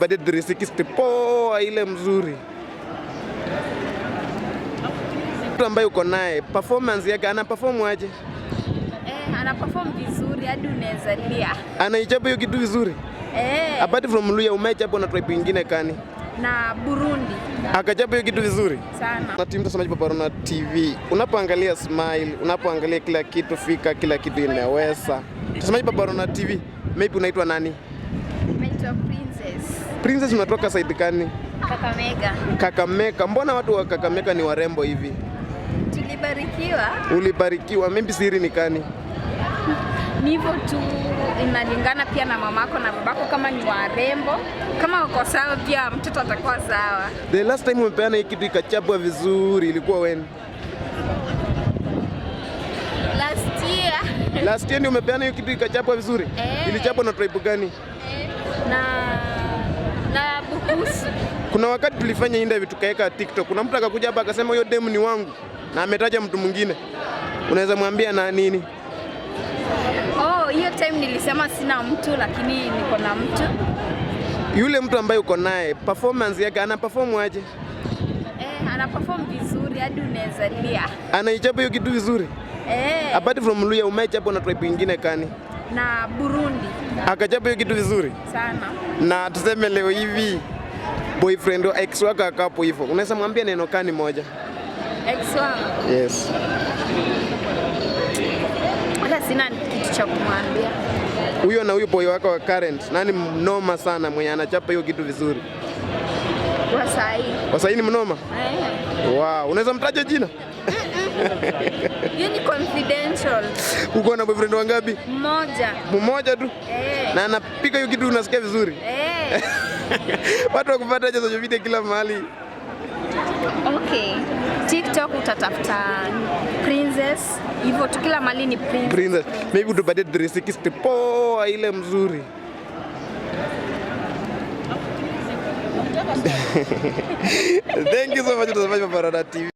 Bade 360 poa ile mzuri ambaye uko naye performance yake ana perform aje? Eh, ana perform vizuri hadi unaweza lia. Anaichapa hiyo kitu vizuri. Eh. Apart from Luya umechapa na tribe nyingine kani? Na Burundi. Akachapa hiyo kitu vizuri sana. Na timu tasemaje Paparona TV? Unapoangalia smile, unapoangalia kila kitu fika, kila kitu inaweza. Tasemaje Paparona TV? Maybe unaitwa nani? Naitwa Princess, unatoka side gani? Kakamega. Kakamega, mbona watu wa Kakamega ni warembo hivi? Tulibarikiwa. Ulibarikiwa. Mimi siri ni kani? Ni hivyo tu, inalingana pia na mamako na babako, kama ni warembo, kama wako sawa, pia mtoto atakuwa sawa. The last time umepeana hii kitu ikachapwa vizuri ilikuwa when? Last year. Last year ndio umepeana hiyo kitu ikachapwa vizuri? Eh. Ilichapwa na tribe gani? Eh. Na na Kuna wakati tulifanya interview tukaweka TikTok, kuna mtu akakuja hapa akasema huyo demu ni wangu na ametaja mtu mwingine, unaweza mwambia na nini? Oh, hiyo time nilisema sina mtu lakini niko na mtu. Yule mtu ambaye uko naye performance yake ana perform aje? Eh, ana perform vizuri hadi unaweza lia. Anaichapa hiyo kitu vizuri Eh. Apart from Luya umechapo na tribe nyingine kani? Na Burundi. Akachapo ah, hiyo kitu vizuri sana. Na tuseme leo hivi boyfriend au ex wako akapo hivyo, unaweza mwambia neno kani moja? Ex wangu? Yes. Wala sina kitu cha kumwambia. Huyo na huyo boy wako wa current, nani mnoma sana mwenye anachapa hiyo kitu vizuri? Wasai. Wasai ni mnoma? Eh. Wow, unaweza mtaja jina? Hiyo ni confidential. Uko na boyfriend wangapi? Mmoja. Mmoja tu? Eh. Na anapika hiyo kitu unasikia vizuri? Eh. Watu wakupata aje social media kila mahali? Okay. TikTok utatafuta princess hivyo tu kila mahali ni princess. Princess. Maybe utupatie 360 poa ile mzuri. Thank you so much for watching Parada TV.